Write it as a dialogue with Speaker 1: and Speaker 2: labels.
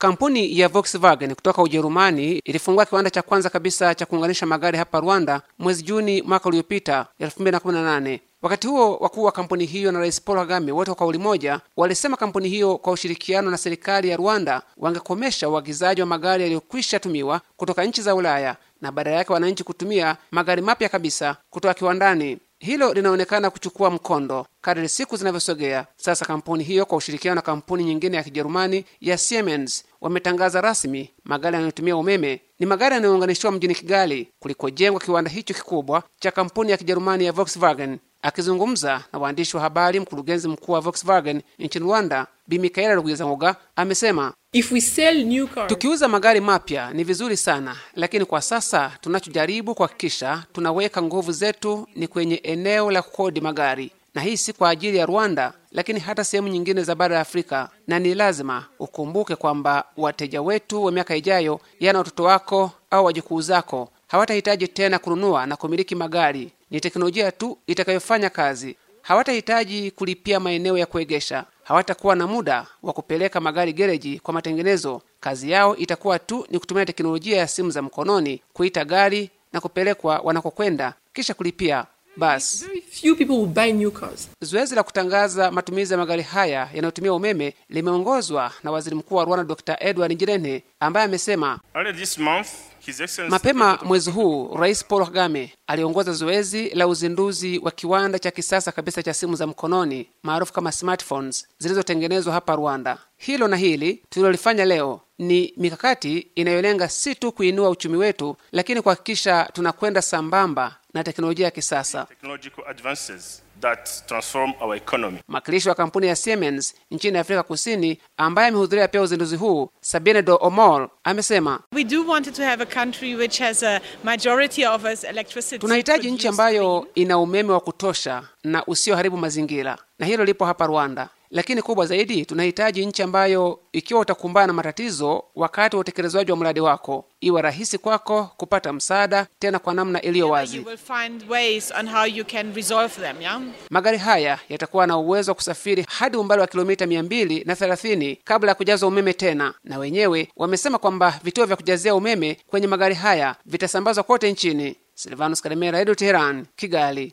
Speaker 1: Kampuni ya Volkswagen kutoka Ujerumani ilifungua kiwanda cha kwanza kabisa cha kuunganisha magari hapa Rwanda mwezi Juni mwaka uliopita 2018. Wakati huo wakuu wa kampuni hiyo na Rais Paul Kagame wote kwa kauli moja walisema kampuni hiyo kwa ushirikiano na serikali ya Rwanda wangekomesha uagizaji wa magari yaliyokwisha tumiwa kutoka nchi za Ulaya na badala yake wananchi kutumia magari mapya kabisa kutoka kiwandani. Hilo linaonekana kuchukua mkondo Kadri siku zinavyosogea sasa, kampuni hiyo kwa ushirikiano na kampuni nyingine ya Kijerumani ya Siemens wametangaza rasmi magari yanayotumia umeme ni magari yanayounganishiwa mjini Kigali kulikojengwa kiwanda hicho kikubwa cha kampuni ya Kijerumani ya Volkswagen. Akizungumza na waandishi wa habari, mkurugenzi mkuu wa Volkswagen nchini Rwanda Bi Mikaela Rugwizangoga amesema If we sell new cars, tukiuza magari mapya ni vizuri sana, lakini kwa sasa tunachojaribu kuhakikisha tunaweka nguvu zetu ni kwenye eneo la kukodi magari na hii si kwa ajili ya Rwanda, lakini hata sehemu nyingine za bara la Afrika, na ni lazima ukumbuke kwamba wateja wetu wa miaka ijayo, yana watoto wako au wajukuu zako, hawatahitaji tena kununua na kumiliki magari. Ni teknolojia tu itakayofanya kazi. Hawatahitaji kulipia maeneo ya kuegesha, hawatakuwa na muda wa kupeleka magari gereji kwa matengenezo. Kazi yao itakuwa tu ni kutumia teknolojia ya simu za mkononi, kuita gari na kupelekwa wanakokwenda, kisha kulipia. Basi zoezi la kutangaza matumizi ya magari haya yanayotumia umeme limeongozwa na waziri mkuu wa Rwanda Dr Edward Ngirente ambaye amesema mapema mwezi huu Rais Paul Kagame aliongoza zoezi la uzinduzi wa kiwanda cha kisasa kabisa cha simu za mkononi maarufu kama smartphones zilizotengenezwa hapa Rwanda. Hilo na hili tulilolifanya leo ni mikakati inayolenga si tu kuinua uchumi wetu, lakini kuhakikisha tunakwenda sambamba na teknolojia ya kisasa. Mwakilishi wa kampuni ya Siemens nchini Afrika Kusini ambaye amehudhuria pia uzinduzi huu, Sabine Do Omol, amesema tunahitaji nchi ambayo ina umeme wa kutosha na usioharibu mazingira, na hilo lipo hapa Rwanda lakini kubwa zaidi tunahitaji nchi ambayo ikiwa utakumbana na matatizo wakati wa utekelezwaji wa mradi wako iwe rahisi kwako kupata msaada tena kwa namna iliyo wazi
Speaker 2: yeah?
Speaker 1: magari haya yatakuwa na uwezo wa kusafiri hadi umbali wa kilomita 230 kabla ya kujaza umeme tena na wenyewe wamesema kwamba vituo vya kujazia umeme kwenye magari haya vitasambazwa kote nchini silvanus karemera edu teheran kigali